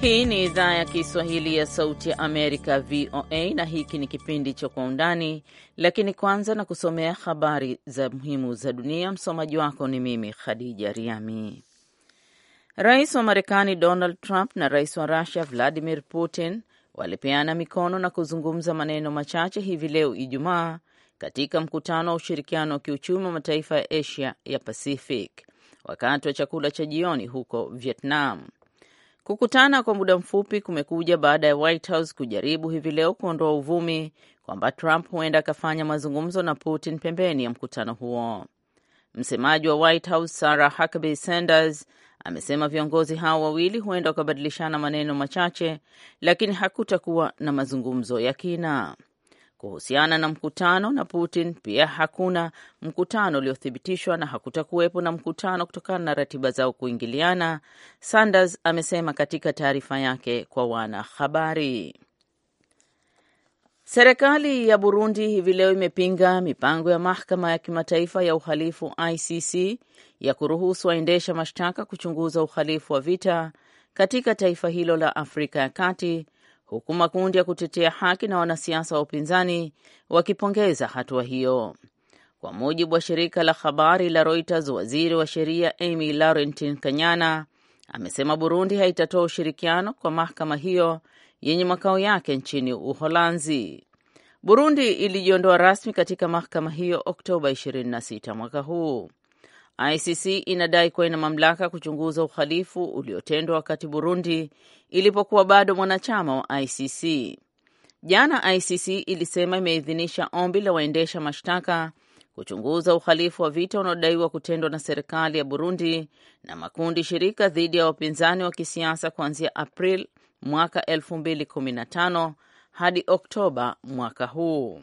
Hii ni idhaa ya Kiswahili ya Sauti ya Amerika, VOA, na hiki ni kipindi cha Kwa Undani. Lakini kwanza na kusomea habari za muhimu za dunia. Msomaji wako ni mimi Khadija Riami. Rais wa Marekani Donald Trump na rais wa Rusia Vladimir Putin walipeana mikono na kuzungumza maneno machache hivi leo Ijumaa katika mkutano wa ushirikiano wa kiuchumi wa mataifa ya Asia ya Pacific wakati wa chakula cha jioni huko Vietnam. Kukutana kwa muda mfupi kumekuja baada ya White House kujaribu hivi leo kuondoa uvumi kwamba Trump huenda akafanya mazungumzo na Putin pembeni ya mkutano huo. Msemaji wa White House Sarah Huckabee Sanders amesema viongozi hao wawili huenda wakabadilishana maneno machache, lakini hakutakuwa na mazungumzo ya kina. Kuhusiana na mkutano na Putin, pia hakuna mkutano uliothibitishwa na hakutakuwepo na mkutano kutokana na ratiba zao kuingiliana, Sanders amesema katika taarifa yake kwa wanahabari. Serikali ya Burundi hivi leo imepinga mipango ya mahakama ya kimataifa ya uhalifu ICC ya kuruhusu waendesha mashtaka kuchunguza uhalifu wa vita katika taifa hilo la Afrika ya Kati huku makundi ya kutetea haki na wanasiasa wa upinzani wakipongeza hatua hiyo. Kwa mujibu wa shirika la habari la Reuters, waziri wa sheria Amy laurentin Kanyana amesema Burundi haitatoa ushirikiano kwa mahakama hiyo yenye makao yake nchini Uholanzi. Burundi ilijiondoa rasmi katika mahakama hiyo Oktoba 26 mwaka huu. ICC inadai kuwa ina mamlaka kuchunguza uhalifu uliotendwa wakati Burundi ilipokuwa bado mwanachama wa ICC. Jana ICC ilisema imeidhinisha ombi la waendesha mashtaka kuchunguza uhalifu wa vita unaodaiwa kutendwa na serikali ya Burundi na makundi shirika dhidi ya wapinzani wa kisiasa kuanzia April mwaka 2015 hadi Oktoba mwaka huu.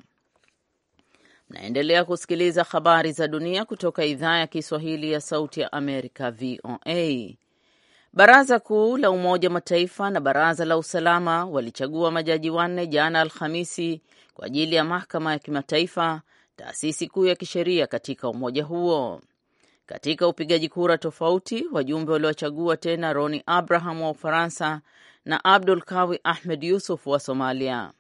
Mnaendelea kusikiliza habari za dunia kutoka idhaa ya Kiswahili ya Sauti ya Amerika, VOA. Baraza Kuu la Umoja wa Mataifa na Baraza la Usalama walichagua majaji wanne jana Alhamisi kwa ajili ya Mahakama ya Kimataifa, taasisi kuu ya kisheria katika umoja huo. Katika upigaji kura tofauti, wajumbe waliochagua tena Roni Abraham wa Ufaransa na Abdul Kawi Ahmed Yusuf wa Somalia.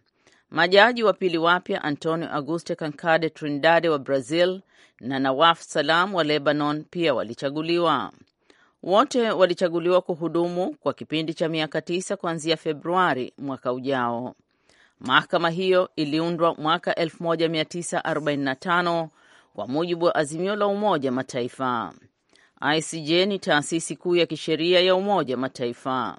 Majaji wa pili wapya Antonio Auguste Kankade Trindade wa Brazil na Nawaf Salam wa Lebanon pia walichaguliwa. Wote walichaguliwa kuhudumu kwa kipindi cha miaka tisa kuanzia Februari mwaka ujao. Mahakama hiyo iliundwa mwaka 1945 kwa mujibu wa azimio la Umoja Mataifa. ICJ ni taasisi kuu ya kisheria ya Umoja Mataifa.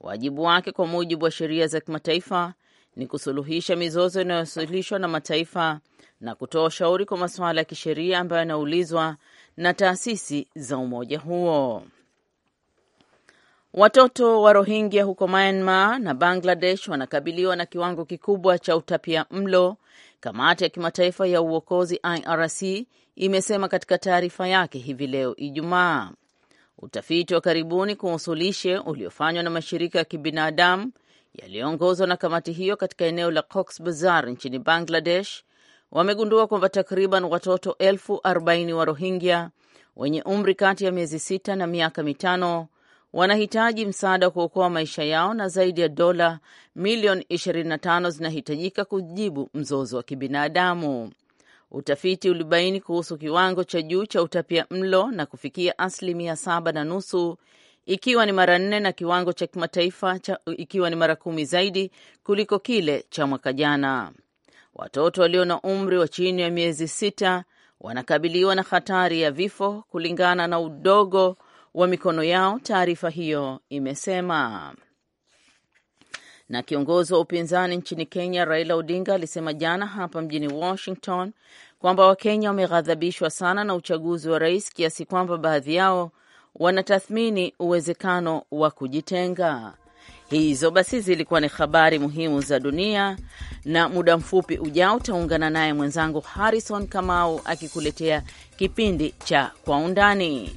Wajibu wake kwa mujibu wa sheria za kimataifa ni kusuluhisha mizozo inayowasilishwa na mataifa na kutoa ushauri kwa masuala ya kisheria ambayo yanaulizwa na taasisi za umoja huo. Watoto wa Rohingya huko Myanmar na Bangladesh wanakabiliwa na kiwango kikubwa cha utapia mlo, kamati ya kimataifa ya uokozi IRC imesema katika taarifa yake hivi leo Ijumaa. Utafiti wa karibuni kuhusu lishe uliofanywa na mashirika ya kibinadamu yaliyoongozwa na kamati hiyo katika eneo la Cox Bazar nchini Bangladesh wamegundua kwamba takriban watoto elfu arobaini wa Rohingya wenye umri kati ya miezi sita na miaka mitano wanahitaji msaada wa kuokoa maisha yao na zaidi ya dola milioni 25 zinahitajika kujibu mzozo wa kibinadamu. Utafiti ulibaini kuhusu kiwango cha juu cha utapia mlo na kufikia asilimia saba na nusu ikiwa ni mara nne na kiwango cha kimataifa ikiwa ni mara kumi zaidi kuliko kile cha mwaka jana. Watoto walio na umri wa chini ya miezi sita wanakabiliwa na hatari ya vifo kulingana na udogo wa mikono yao, taarifa hiyo imesema. Na kiongozi wa upinzani nchini Kenya Raila Odinga alisema jana hapa mjini Washington kwamba Wakenya wameghadhabishwa sana na uchaguzi wa rais kiasi kwamba baadhi yao wanatathmini uwezekano wa kujitenga. Hizo basi zilikuwa ni habari muhimu za dunia, na muda mfupi ujao utaungana naye mwenzangu Harrison Kamau akikuletea kipindi cha Kwa Undani.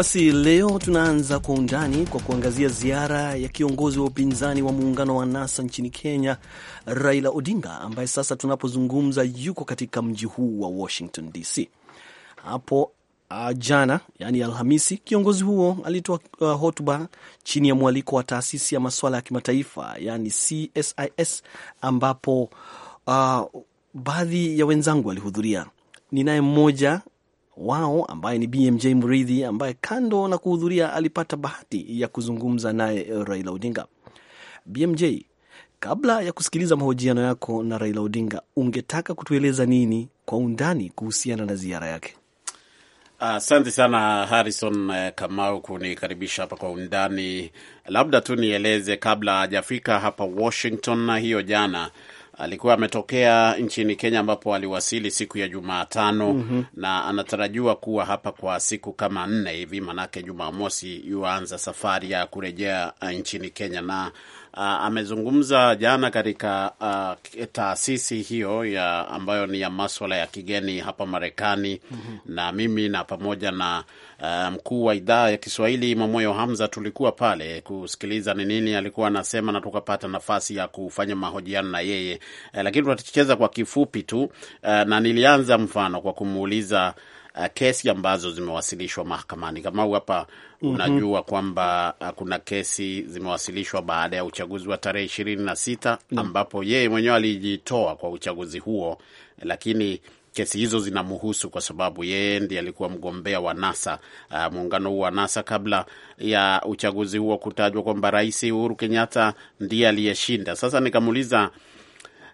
Basi leo tunaanza kwa undani kwa kuangazia ziara ya kiongozi wa upinzani wa muungano wa NASA nchini Kenya, Raila Odinga, ambaye sasa tunapozungumza yuko katika mji huu wa Washington DC. Hapo uh, jana yani Alhamisi, kiongozi huo alitoa uh, hotuba chini ya mwaliko wa taasisi ya masuala ya kimataifa yani CSIS, ambapo uh, baadhi ya wenzangu walihudhuria. Ninaye mmoja wao ambaye ni BMJ Mridhi, ambaye kando na kuhudhuria alipata bahati ya kuzungumza naye Raila Odinga. BMJ, kabla ya kusikiliza mahojiano yako na Raila Odinga, ungetaka kutueleza nini kwa undani kuhusiana na ziara yake? Asante uh, sana Harrison uh, Kamau kunikaribisha hapa kwa undani. Labda tu nieleze kabla hajafika hapa Washington na hiyo jana alikuwa ametokea nchini Kenya ambapo aliwasili siku ya Jumatano mm -hmm. na anatarajiwa kuwa hapa kwa siku kama nne hivi, manake Jumamosi yuanza safari ya kurejea eh, nchini Kenya na uh, amezungumza jana katika uh, taasisi hiyo ya ambayo ni ya maswala ya kigeni hapa Marekani mm -hmm. na mimi na pamoja na uh, mkuu wa idhaa ya Kiswahili mamoyo Hamza tulikuwa pale kusikiliza ni nini alikuwa anasema na tukapata nafasi ya kufanya mahojiano na yeye, uh, lakini tutacheza kwa kifupi tu uh, na nilianza mfano kwa kumuuliza uh, kesi ambazo zimewasilishwa mahakamani. Kama hapa mhm. unajua mm -hmm. kwamba uh, kuna kesi zimewasilishwa baada ya uchaguzi wa tarehe ishirini na sita mhm. ambapo yeye mwenyewe alijitoa kwa uchaguzi huo, lakini kesi hizo zinamhusu kwa sababu yeye ndiye alikuwa mgombea wa NASA, uh, muungano huo wa NASA kabla ya uchaguzi huo kutajwa kwamba Rais Uhuru Kenyatta ndiye aliyeshinda. Sasa nikamuuliza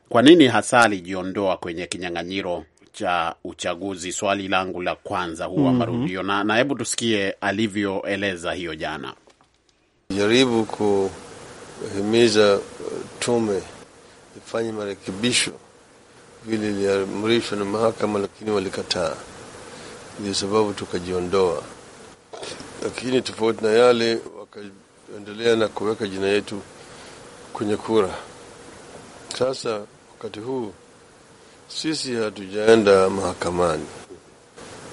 kwa nini hasa alijiondoa kwenye kinyang'anyiro cha uchaguzi, swali langu la kwanza huwa mm -hmm. marudio na, na hebu tusikie alivyoeleza hiyo jana. Jaribu kuhimiza uh, tume ifanye marekebisho vile iliamrishwa na mahakama, lakini walikataa, ndio sababu tukajiondoa. Lakini tofauti na yale, wakaendelea na kuweka jina yetu kwenye kura. Sasa wakati huu sisi hatujaenda mahakamani,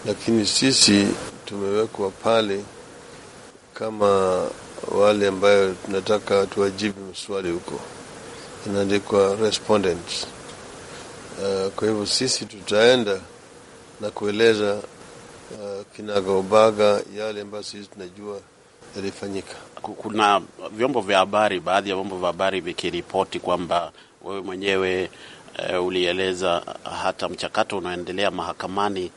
lakini sisi tumewekwa pale kama wale ambayo tunataka tuwajibu maswali huko, inaandikwa respondents. Uh, kwa hivyo sisi tutaenda na kueleza uh, eh, kinagaubaga yale ambayo sisi tunajua yalifanyika. Kuna vyombo vya habari, baadhi ya vyombo vya habari vikiripoti kwamba wewe mwenyewe e, ulieleza hata mchakato unaoendelea mahakamani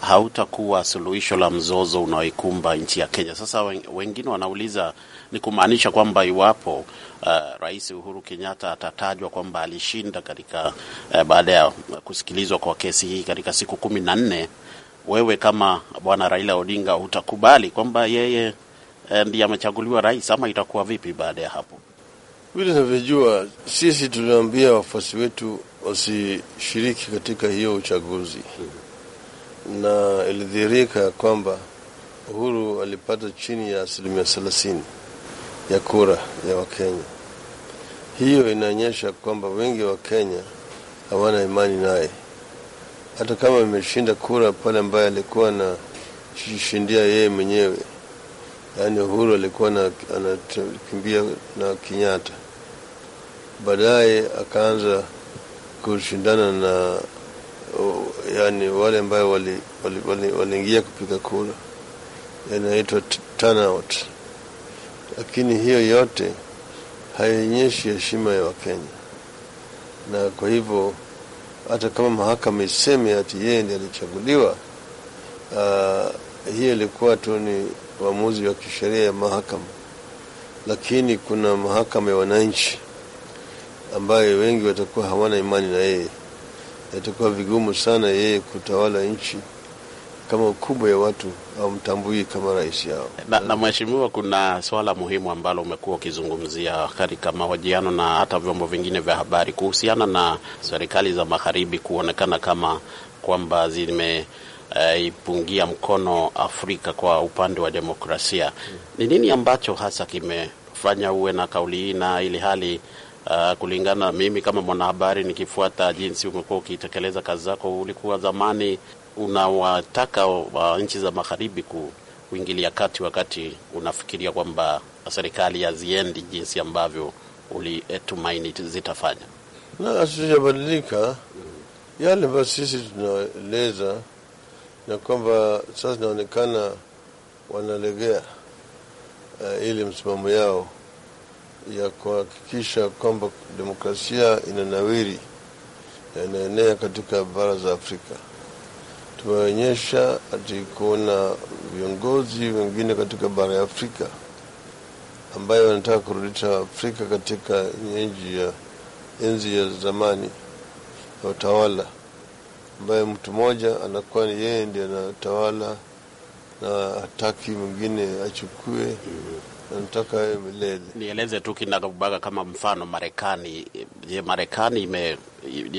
hautakuwa suluhisho la mzozo unaoikumba nchi ya Kenya. Sasa wengine wanauliza ni kumaanisha kwamba iwapo uh, Rais Uhuru Kenyatta atatajwa kwamba alishinda katika uh, baada ya kusikilizwa kwa kesi hii katika siku kumi na nne, wewe kama bwana Raila Odinga utakubali kwamba yeye ndiye amechaguliwa rais ama itakuwa vipi baada ya hapo? Vile navyojua sisi tunaambia wafuasi wetu wasishiriki katika hiyo uchaguzi, na ilidhihirika kwamba Uhuru alipata chini ya asilimia thelathini ya kura ya Wakenya. Hiyo inaonyesha kwamba wengi wa Kenya hawana imani naye, hata kama imeshinda kura pale ambaye alikuwa anashindia yeye mwenyewe, yaani Uhuru alikuwa anakimbia na Kenyatta, baadaye akaanza kushindana na yani wale ambayo waliingia wali, wali, wali kupiga kura, yanaitwa turnout, lakini hiyo yote haionyeshi heshima ya Wakenya, na kwa hivyo hata kama mahakama iseme ati yeye ndiye alichaguliwa, hiyo ilikuwa tu ni uamuzi wa kisheria ya mahakama, lakini kuna mahakama ya wananchi ambaye wengi watakuwa hawana imani na yeye, yatakuwa vigumu sana yeye kutawala nchi kama kubwa ya watu hawamtambui kama rais yao. Na, na mheshimiwa, kuna swala muhimu ambalo umekuwa ukizungumzia katika mahojiano na hata vyombo vingine vya habari kuhusiana na serikali za magharibi kuonekana kama kwamba zime Uh, ipungia mkono Afrika kwa upande wa demokrasia. Ni nini ambacho hasa kimefanya uwe na kauli hii na ili hali Uh, kulingana na mimi kama mwanahabari, nikifuata jinsi umekuwa ukitekeleza kazi zako, ulikuwa zamani unawataka wa ah, nchi za magharibi kuingilia kati wakati unafikiria kwamba serikali haziendi jinsi ambavyo ulitumaini zitafanya. hatujabadilika Yale ambayo sisi tunaeleza na kwamba sasa inaonekana wanalegea uh, ili msimamo yao ya kuhakikisha kwamba demokrasia inanawiri na inaenea katika bara za Afrika. Tumeonyesha hati kuona viongozi wengine katika bara ya Afrika ambayo wanataka kurudisha Afrika katika nchi ya enzi ya zamani ya utawala, ambaye mtu mmoja anakuwa ni yeye ndiye anatawala na hataki mwingine achukue Nataka milele nieleze tu kinabaga kama mfano Marekani. Je, Marekani ime,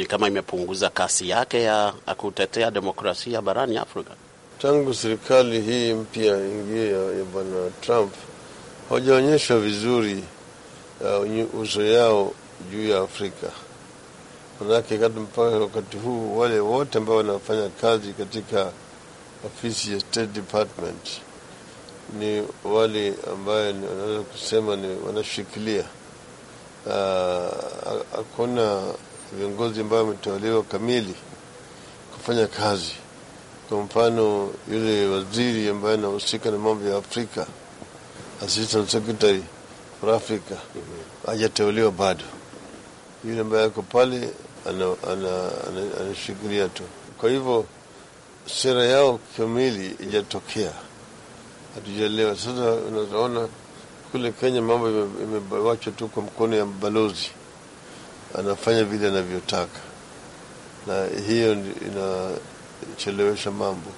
kama imepunguza kasi yake ya kutetea demokrasia barani Afrika tangu serikali hii mpya ingie ya, ya bwana Trump hawajaonyesha vizuri uh, uso yao juu ya Afrika. Manake mpaka wakati huu wale wote ambao wanafanya kazi katika ofisi ya State Department ni wale ambaye wanaweza kusema ni wanashikilia. Ah, hakuna viongozi ambayo wameteuliwa kamili kufanya kazi. Kwa mfano, yule waziri ambaye anahusika na mambo ya Afrika, assistant secretary for Africa, hajateuliwa bado. Yule ambaye ako pale anashikilia tu, kwa hivyo sera yao kamili ijatokea hatujaelewa. Sasa unaona kule Kenya mambo imewachwa tu kwa mkono ya balozi, anafanya vile anavyotaka, na hiyo inachelewesha mambo,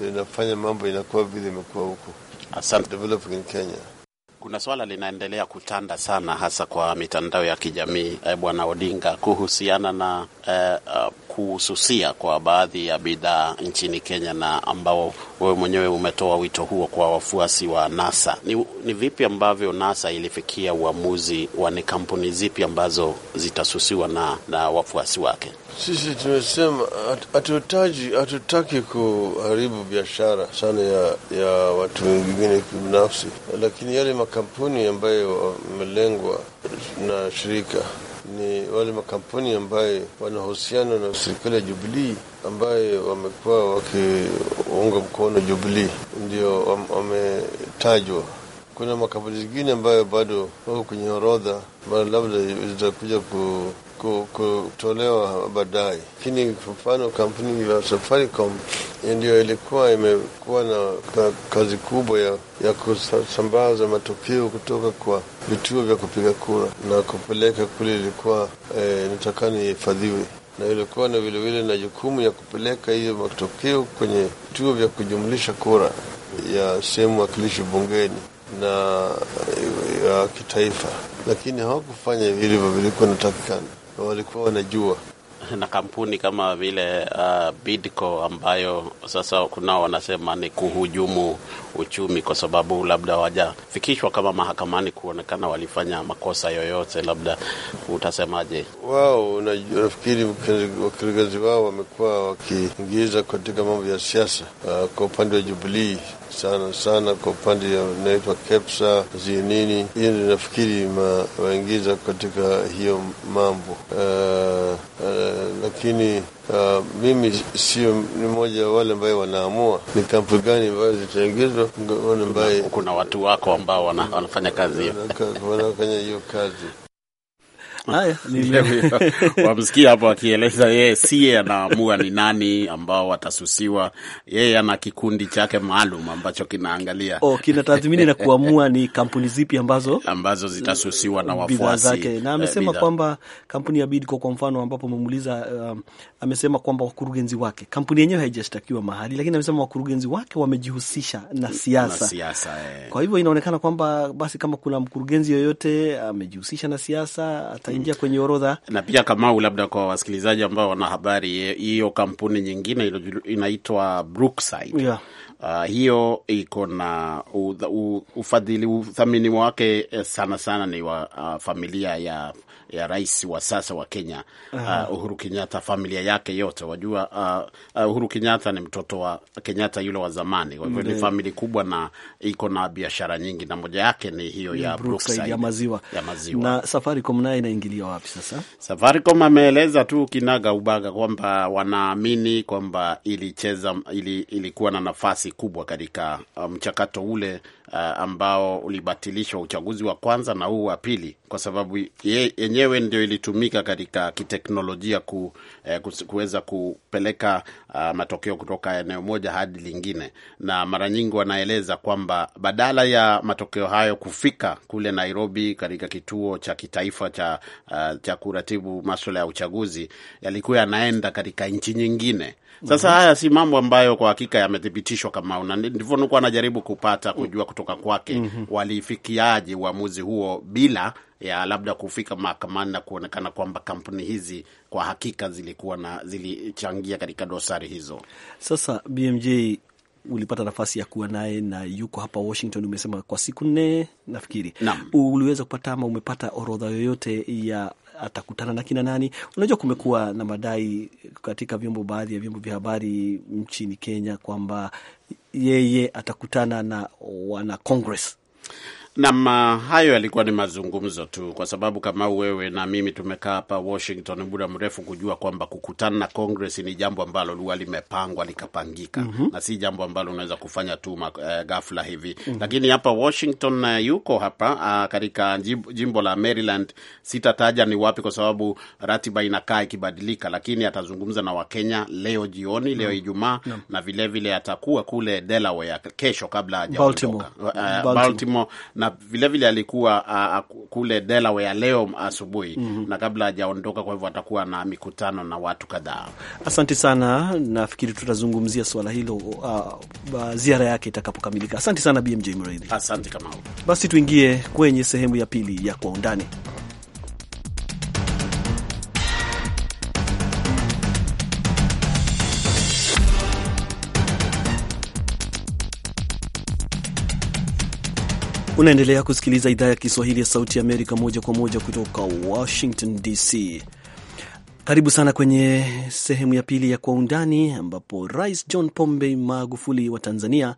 inafanya mambo inakuwa vile imekuwa huko. Developing in Kenya. Kuna swala linaendelea kutanda sana hasa kwa mitandao ya kijamii eh, Bwana Odinga kuhusiana na uh, kuhususia kwa baadhi ya bidhaa nchini Kenya, na ambao wewe mwenyewe umetoa wito huo kwa wafuasi wa NASA. Ni, ni vipi ambavyo NASA ilifikia uamuzi wa ni kampuni zipi ambazo zitasusiwa na, na wafuasi wake? Sisi tumesema hatutaji hatutaki kuharibu biashara sana ya, ya watu wengine kibinafsi, lakini yale makampuni ambayo wamelengwa na shirika ni wale makampuni ambaye wanahusiana na serikali ya Jubilii ambaye wamekuwa wakiunga mkono Jubilii ndio wametajwa. Kuna makampuni zingine ambayo bado wako kwenye orodha, labda zitakuja ku kutolewa baadaye. Lakini kwa mfano kampuni ya Safaricom eh, ndio ilikuwa imekuwa na kazi kubwa ya, ya kusambaza matokeo kutoka kwa vituo vya kupiga kura na kupeleka kule, ilikuwa e, eh, natakani ihifadhiwe na ilikuwa na vilevile na jukumu ya kupeleka hiyo matokeo kwenye vituo vya kujumlisha kura ya sehemu wakilishi bungeni na eh, ya kitaifa, lakini hawakufanya vilivyo vilikuwa natakikana walikuwa wanajua na kampuni kama vile uh, Bidco ambayo sasa kunao wanasema ni kuhujumu uchumi, kwa sababu labda wajafikishwa kama mahakamani kuonekana walifanya makosa yoyote. Labda utasemaje? Wao nafikiri wakirigazi wao wamekuwa wakiingiza katika mambo ya siasa. Uh, kwa upande wa Jubilii sana sana kwa upande ya inaitwa KEPSA zinini, hiyo ndio nafikiri waingiza katika hiyo mambo uh, uh, lakini Uh, mimi sio ni mmoja wa wale ambaye wanaamua ni kampuni gani ambayo zitaingizwa. Kuna watu wako ambao wana, wanafanya kazi hiyo wanafanya hiyo kazi wamsikia hapo akieleza yeye siye anaamua ni nani ambao watasusiwa. Yeye ana kikundi chake maalum ambacho kinaangalia, oh, kinatathmini na kuamua ni kampuni zipi ambazo ambazo zitasusiwa na wafuasi zake, na eh, amesema kwamba kampuni ya Bidco kwa mfano, ambapo amemuuliza um, amesema kwamba wakurugenzi wake, kampuni yenyewe haijashtakiwa mahali, lakini amesema wakurugenzi wake wamejihusisha na siasa, na siasa eh. Kwa hivyo inaonekana kwamba basi kama kuna mkurugenzi yoyote amejihusisha na siasa ata wataingia kwenye orodha. Na pia Kamau, labda kwa wasikilizaji ambao wana habari hiyo, kampuni nyingine inaitwa Brookside yeah. Uh, hiyo iko na ufadhili, uthamini wake eh, sana sana ni wa uh, familia ya ya rais wa sasa wa Kenya uh, Uhuru Kenyatta, familia yake yote wajua, uh, uh, Uhuru Kenyatta ni mtoto wa Kenyatta yule wa zamani, kwa hivyo ni famili kubwa na iko na biashara nyingi, na moja yake ni hiyo ya Brookside ya maziwa, ya maziwa. Na Safaricom naye inaingilia wapi sasa? Safaricom ameeleza tu kinaga ubaga kwamba wanaamini kwamba ilicheza ili, ilikuwa na nafasi kubwa katika uh, mchakato um, ule uh, ambao ulibatilishwa, uchaguzi wa kwanza na huu wa pili, kwa sababu yenyewe ndio ilitumika katika kiteknolojia ku, eh, kuweza kupeleka uh, matokeo kutoka eneo moja hadi lingine, na mara nyingi wanaeleza kwamba badala ya matokeo hayo kufika kule Nairobi katika kituo cha kitaifa cha, uh, cha kuratibu maswala ya uchaguzi yalikuwa yanaenda katika nchi nyingine sasa mm -hmm. Haya si mambo ambayo kwa hakika yamethibitishwa kama ndivyo, nilikuwa najaribu kupata mm. kujua kutoka kwake mm -hmm. walifikiaje uamuzi huo bila ya labda kufika mahakamani na kuonekana kwamba kampuni hizi kwa hakika zilikuwa na zilichangia katika dosari hizo. Sasa BMJ ulipata nafasi ya kuwa naye na yuko hapa Washington, umesema kwa siku nne nafikiri na. Uliweza kupata ama umepata orodha yoyote ya atakutana na kina nani? Unajua, kumekuwa na madai katika vyombo baadhi ya vyombo vya habari nchini Kenya kwamba yeye atakutana na wana Congress Nam, ah, hayo yalikuwa ni mazungumzo tu, kwa sababu kama wewe na mimi tumekaa hapa Washington muda mrefu kujua kwamba kukutana na Congress ni jambo ambalo lua limepangwa likapangika, mm -hmm. na si jambo ambalo unaweza kufanya tu uh, ghafla hivi mm -hmm. Lakini hapa Washington uh, yuko hapa uh, katika jimbo la Maryland, sitataja ni wapi kwa sababu ratiba inakaa ikibadilika, lakini atazungumza na Wakenya leo jioni, leo mm -hmm. Ijumaa mm -hmm. na vilevile vile atakuwa kule Delaware kesho kabla hajaondoka Baltimore, uh, Baltimore. Baltimore na vilevile vile alikuwa a, kule Delaware leo asubuhi mm -hmm. na kabla hajaondoka, kwa hivyo atakuwa na mikutano na watu kadhaa. Asante sana, nafikiri tutazungumzia swala hilo uh, ziara yake itakapokamilika. Asante sana BMJ Mridhi. Asante kama basi, tuingie kwenye sehemu ya pili ya kwa undani. Unaendelea kusikiliza idhaa ya Kiswahili ya Sauti ya Amerika moja kwa moja kutoka Washington DC. Karibu sana kwenye sehemu ya pili ya Kwa Undani, ambapo Rais John Pombe Magufuli wa Tanzania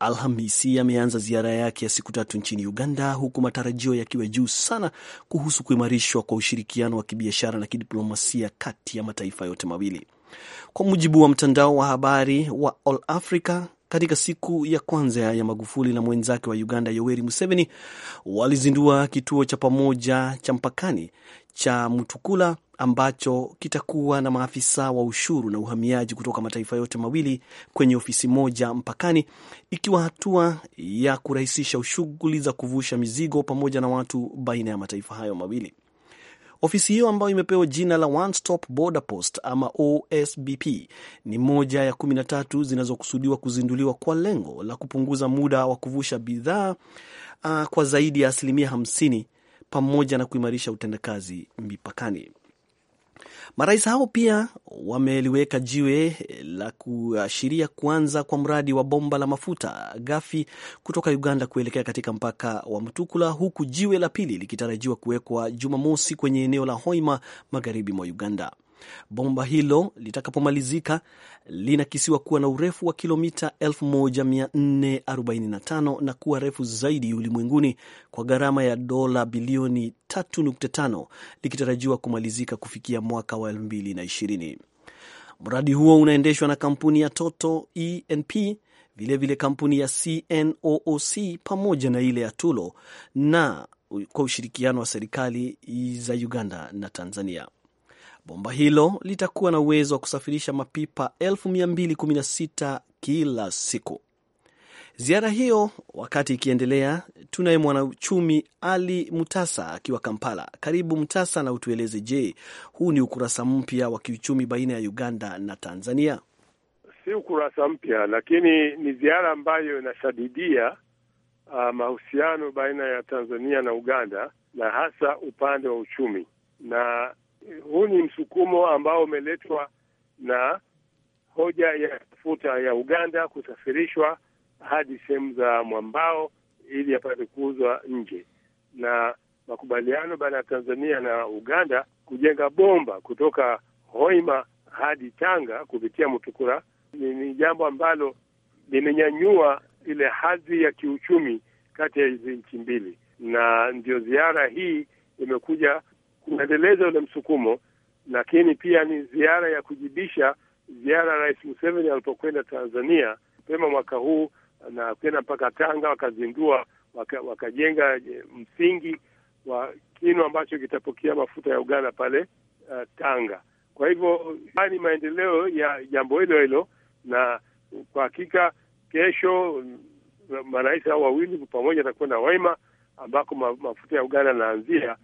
Alhamisi ameanza ziara yake ya siku tatu nchini Uganda, huku matarajio yakiwa juu sana kuhusu kuimarishwa kwa ushirikiano wa kibiashara na kidiplomasia kati ya mataifa yote mawili. Kwa mujibu wa mtandao wa habari wa All Africa, katika siku ya kwanza ya Magufuli na mwenzake wa Uganda Yoweri Museveni walizindua kituo cha pamoja cha mpakani cha Mutukula ambacho kitakuwa na maafisa wa ushuru na uhamiaji kutoka mataifa yote mawili kwenye ofisi moja mpakani, ikiwa hatua ya kurahisisha shughuli za kuvusha mizigo pamoja na watu baina ya mataifa hayo mawili. Ofisi hiyo ambayo imepewa jina la One Stop Border Post ama OSBP ni moja ya 13 zinazokusudiwa kuzinduliwa kwa lengo la kupunguza muda wa kuvusha bidhaa uh, kwa zaidi ya asilimia 50 pamoja na kuimarisha utendakazi mipakani. Marais hao pia wameliweka jiwe la kuashiria kuanza kwa mradi wa bomba la mafuta ghafi kutoka Uganda kuelekea katika mpaka wa Mutukula, huku jiwe la pili likitarajiwa kuwekwa Jumamosi kwenye eneo la Hoima magharibi mwa Uganda. Bomba hilo litakapomalizika linakisiwa kuwa na urefu wa kilomita 1445 na kuwa refu zaidi ulimwenguni kwa gharama ya dola bilioni 3.5 likitarajiwa kumalizika kufikia mwaka wa 2020. Mradi huo unaendeshwa na kampuni ya toto enp vilevile kampuni ya CNOOC pamoja na ile ya Tullow na kwa ushirikiano wa serikali za Uganda na Tanzania. Bomba hilo litakuwa na uwezo wa kusafirisha mapipa 216 kila siku. Ziara hiyo wakati ikiendelea, tunaye mwanauchumi Ali Mutasa akiwa Kampala. Karibu Mutasa, na utueleze, je, huu ni ukurasa mpya wa kiuchumi baina ya Uganda na Tanzania? Si ukurasa mpya, lakini ni ziara ambayo inashadidia uh, mahusiano baina ya Tanzania na Uganda na hasa upande wa uchumi, na huu ni msukumo ambao umeletwa na hoja ya mafuta ya Uganda kusafirishwa hadi sehemu za mwambao ili yapate kuuzwa nje, na makubaliano baina ya Tanzania na Uganda kujenga bomba kutoka Hoima hadi Tanga kupitia Mutukura ni, ni jambo ambalo limenyanyua ile hadhi ya kiuchumi kati ya hizi nchi mbili, na ndio ziara hii imekuja kuendeleza ule msukumo, lakini pia ni ziara ya kujibisha ziara ya Rais Museveni alipokwenda Tanzania mapema mwaka huu na kwenda mpaka Tanga, wakazindua waka, wakajenga eh, msingi wa kinu ambacho kitapokea mafuta ya Uganda pale uh, Tanga. Kwa hivyo haya ni maendeleo ya jambo hilo hilo, na kwa hakika kesho mm, marais hao wawili pamoja atakwenda Waima ambako mafuta ya Uganda yanaanzia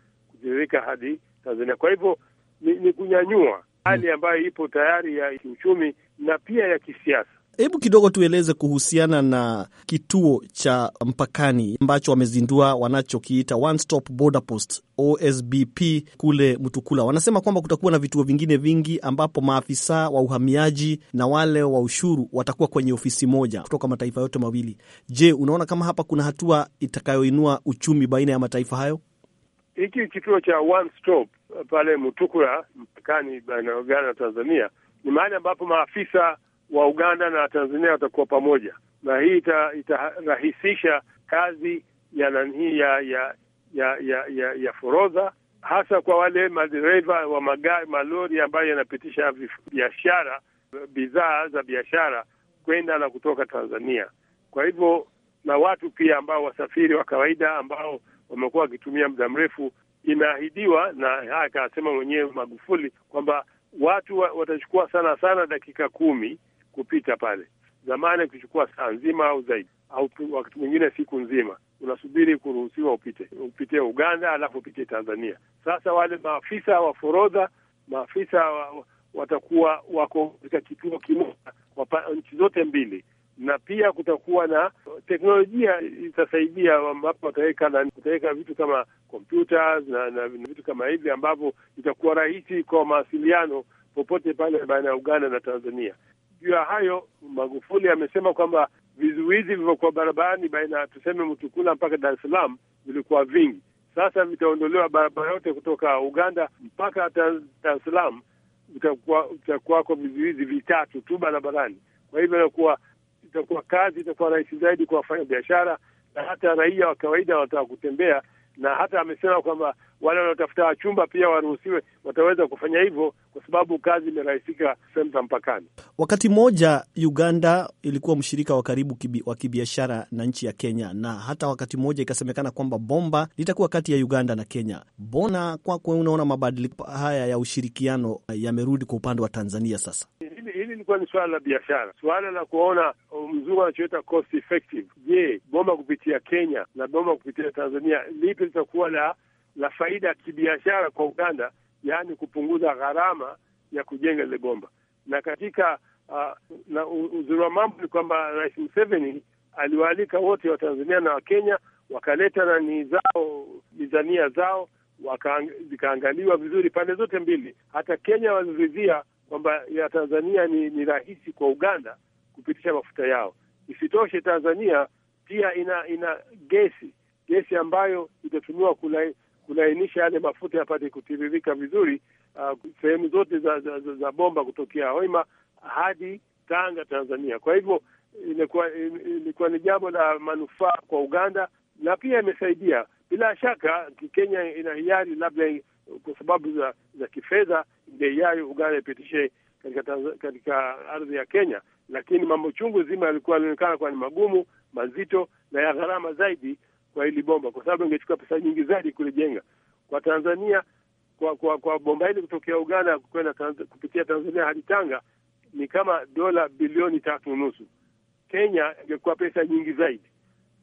zilizoweka hadi Tanzania. Kwa hivyo ni, ni kunyanyua hali mm. ambayo ipo tayari ya kiuchumi na pia ya kisiasa. Hebu kidogo tueleze kuhusiana na kituo cha mpakani ambacho wamezindua wanachokiita One Stop Border Post OSBP kule Mtukula. Wanasema kwamba kutakuwa na vituo vingine vingi ambapo maafisa wa uhamiaji na wale wa ushuru watakuwa kwenye ofisi moja kutoka mataifa yote mawili. Je, unaona kama hapa kuna hatua itakayoinua uchumi baina ya mataifa hayo? hiki kituo cha One Stop uh, pale Mutukula mpakani baina ya Uganda na Tanzania ni mahali ambapo maafisa wa Uganda na Tanzania watakuwa pamoja, na hii itarahisisha ita kazi ya nani ya ya ya ya, ya, ya forodha hasa kwa wale madereva wa magari malori ambayo yanapitisha biashara bidhaa za biashara kwenda na kutoka Tanzania. Kwa hivyo na watu pia ambao wasafiri wa kawaida ambao wamekuwa wakitumia muda mrefu. Inaahidiwa na haya, akasema mwenyewe Magufuli kwamba watu wa, watachukua sana sana dakika kumi kupita pale. Zamani kuchukua saa nzima au zaidi, au wakati mwingine siku nzima unasubiri kuruhusiwa upite, upite Uganda alafu upite Tanzania. Sasa wale maafisa wa forodha, maafisa wa, watakuwa wako katika kituo kimoja kwa nchi zote mbili na pia kutakuwa na teknolojia itasaidia, ambapo wataweka na utaweka vitu kama kompyuta na, na vitu kama hivi ambavyo itakuwa rahisi kwa mawasiliano popote pale baina ya Uganda na Tanzania. Juu ya hayo, Magufuli amesema kwamba vizuizi vilivyokuwa barabarani baina tuseme Mutukula mpaka Dar es Salaam vilikuwa vingi, sasa vitaondolewa barabara yote kutoka Uganda mpaka Dar es Salaam, vitakuwako vizuizi vitatu tu barabarani. Kwa hivyo inakuwa itakuwa kazi itakuwa rahisi zaidi kwa wafanya biashara na hata raia wa kawaida wanataka kutembea, na hata amesema kwamba wale wanaotafuta wachumba pia waruhusiwe, wataweza kufanya hivyo kwa sababu kazi imerahisika sehemu za mpakani. Wakati mmoja Uganda ilikuwa mshirika wa karibu kibi, wa kibiashara na nchi ya Kenya, na hata wakati mmoja ikasemekana kwamba bomba litakuwa kati ya Uganda na Kenya. Mbona kwako unaona mabadiliko haya ya ushirikiano yamerudi kwa upande wa Tanzania sasa? Hili ilikuwa ni suala la biashara, suala la kuona um, mzungu anachoita cost effective. Je, bomba kupitia Kenya na bomba kupitia Tanzania lipi litakuwa la la faida ya kibiashara kwa Uganda, yaani kupunguza gharama ya kujenga lile bomba. Na katika uh, na uzuri wa mambo ni kwamba Rais Museveni aliwaalika wote Watanzania na Wakenya, wakaleta nani zao mizania zao zikaangaliwa vizuri pande zote mbili. Hata Kenya waliridhia kwamba ya Tanzania ni, ni rahisi kwa Uganda kupitisha mafuta yao. Isitoshe, Tanzania pia ina ina gesi gesi ambayo itatumiwa kulainisha yale mafuta yapate kutiririka vizuri uh, sehemu zote za, za, za, za bomba kutokea Hoima hadi Tanga, Tanzania. Kwa hivyo ilikuwa ilikuwa ni jambo la manufaa kwa Uganda na pia imesaidia bila shaka. Kenya ina hiari labda kwa sababu za za kifedha, ndio hiari Uganda ipitishe katika, katika ardhi ya Kenya, lakini mambo chungu zima yalikuwa yalionekana kuwa ni magumu mazito na ya gharama zaidi kwa hili bomba, kwa sababu ingechukua pesa nyingi zaidi kulijenga kwa Tanzania. Kwa kwa, kwa bomba hili kutokea Uganda kwenda kupitia Tanzania hadi Tanga ni kama dola bilioni tatu nusu. Kenya ingekuwa pesa nyingi zaidi,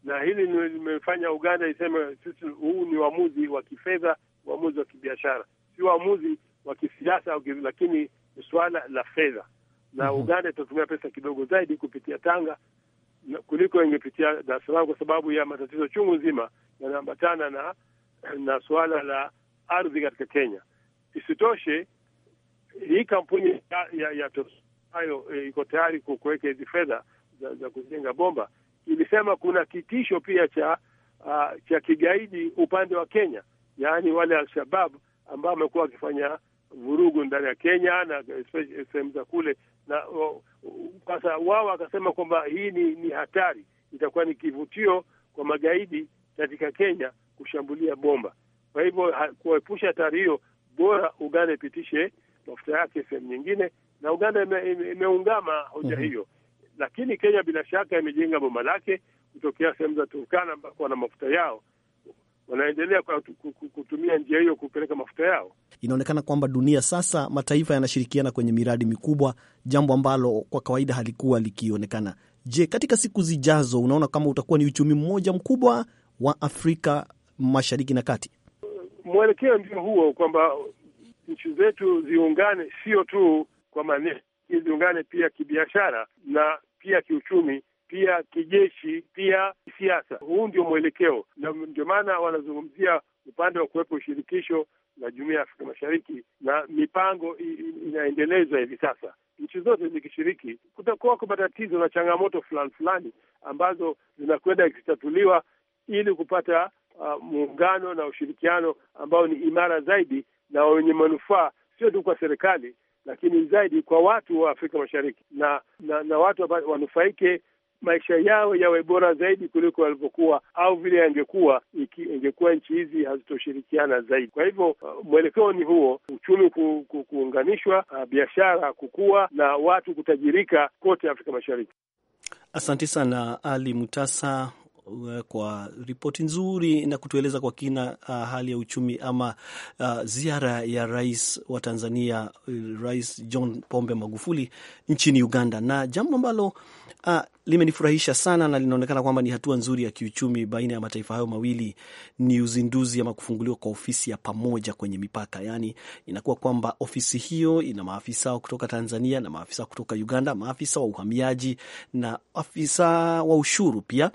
na hili limefanya Uganda iseme sisi, huu ni uamuzi wa kifedha, uamuzi wa kibiashara, si uamuzi wa kisiasa, lakini ni suala la fedha na mhm. Uganda itatumia pesa kidogo zaidi kupitia Tanga kuliko ingepitia Dar es Salaam kwa sababu ya matatizo chungu nzima yanaambatana na na suala la ardhi katika Kenya. Isitoshe, hii kampuni ya, ya, ya ambayo e, iko tayari kuweka hizi fedha za, za kujenga bomba ilisema kuna kitisho pia cha uh, cha kigaidi upande wa Kenya, yaani wale Alshabab ambao wamekuwa wakifanya vurugu ndani ya Kenya na sehemu za kule na sasa wao wakasema kwamba hii ni, ni hatari, itakuwa ni kivutio kwa magaidi katika Kenya kushambulia bomba. Kwa hivyo kuepusha hatari hiyo, bora Uganda ipitishe mafuta yake sehemu nyingine, na Uganda imeungama ime, ime hoja mm -hmm. hiyo, lakini Kenya bila shaka imejenga bomba lake kutokea sehemu za Turkana ambako wana mafuta yao wanaendelea kutumia njia hiyo kupeleka mafuta yao. Inaonekana kwamba dunia sasa, mataifa yanashirikiana kwenye miradi mikubwa, jambo ambalo kwa kawaida halikuwa likionekana. Je, katika siku zijazo unaona kama utakuwa ni uchumi mmoja mkubwa wa Afrika Mashariki na Kati? Mwelekeo ndio huo, kwamba nchi zetu ziungane, sio tu kwa maneno, ziungane pia kibiashara na pia kiuchumi pia kijeshi, pia kisiasa. Huu ndio mwelekeo, na ndio maana wanazungumzia upande wa kuwepo ushirikisho la jumuiya ya Afrika Mashariki, na mipango inaendelezwa hivi sasa, nchi zote zikishiriki. kwa matatizo na changamoto fulani fulani ambazo zinakwenda zikitatuliwa ili kupata uh, muungano na ushirikiano ambao ni imara zaidi na wenye manufaa sio tu kwa serikali lakini zaidi kwa watu wa Afrika Mashariki na na, na watu wanufaike maisha yao yawe bora zaidi kuliko yalivyokuwa au vile yangekuwa ingekuwa nchi hizi hazitoshirikiana zaidi. Kwa hivyo uh, mwelekeo ni huo, uchumi ku, ku, kuunganishwa, uh, biashara kukua na watu kutajirika kote Afrika Mashariki. Asante sana Ali Mutasa Eh, kwa ripoti nzuri na kutueleza kwa kina uh, hali ya uchumi ama uh, ziara ya rais wa Tanzania uh, Rais John Pombe Magufuli nchini Uganda, na jambo ambalo uh, limenifurahisha sana na linaonekana kwamba ni hatua nzuri ya kiuchumi baina ya mataifa hayo mawili ni uzinduzi ama kufunguliwa kwa ofisi ya pamoja kwenye mipaka. Yani inakuwa kwamba ofisi hiyo ina maafisa kutoka Tanzania na maafisa kutoka Uganda, maafisa wa uhamiaji na afisa wa ushuru pia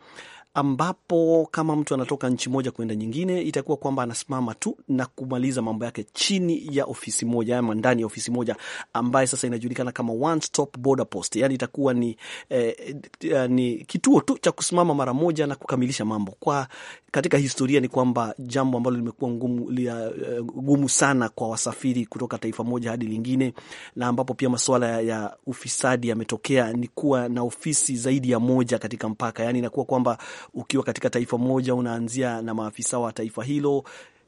ambapo kama mtu anatoka nchi moja kwenda nyingine itakuwa kwamba anasimama tu na kumaliza mambo yake chini ya ofisi moja ama ndani ya ofisi moja ambaye sasa inajulikana kama one stop border post, yani itakuwa ni, eh, eh, ni kituo tu cha kusimama mara moja na kukamilisha mambo. Kwa katika historia ni kwamba jambo ambalo limekuwa ngumu, lia, eh, gumu sana kwa wasafiri kutoka taifa moja hadi lingine, na ambapo pia masuala ya ufisadi yametokea ni kuwa na ofisi zaidi ya moja katika mpaka, yani inakuwa kwamba ukiwa katika taifa moja unaanzia na maafisa wa taifa hilo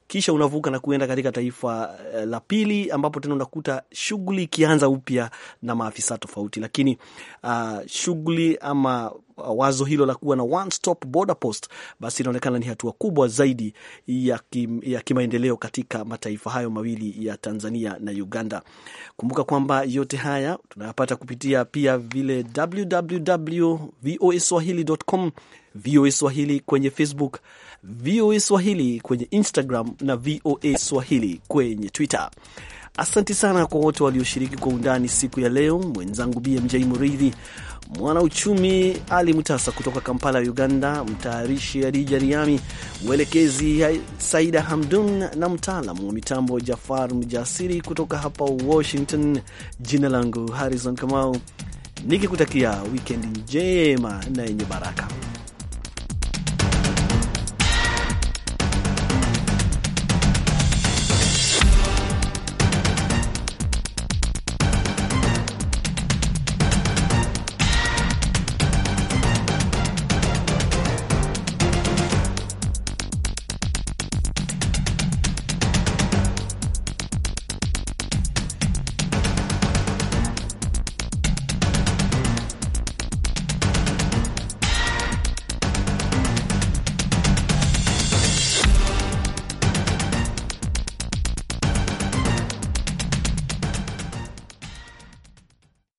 kisha unavuka na kuenda katika taifa eh, la pili ambapo tena unakuta shughuli ikianza upya na maafisa tofauti. Lakini uh, shughuli ama ah, wazo hilo la kuwa na one stop border post basi inaonekana ni hatua kubwa zaidi ya, kim, ya kimaendeleo katika mataifa hayo mawili ya Tanzania na Uganda. Kumbuka kwamba yote haya tunayapata kupitia pia vile www VOA Swahili kwenye Facebook VOA Swahili kwenye Instagram na VOA Swahili kwenye Twitter. Asanti sana kwa wote walioshiriki kwa undani siku ya leo, mwenzangu BMJ Muridhi, mwanauchumi Ali Mutasa kutoka Kampala ya Uganda, mtayarishi Adija Riami, mwelekezi Saida Hamdun na mtaalamu wa mitambo Jafar Mjasiri kutoka hapa Washington. Jina langu Harrison Kamau nikikutakia wikendi njema na yenye baraka.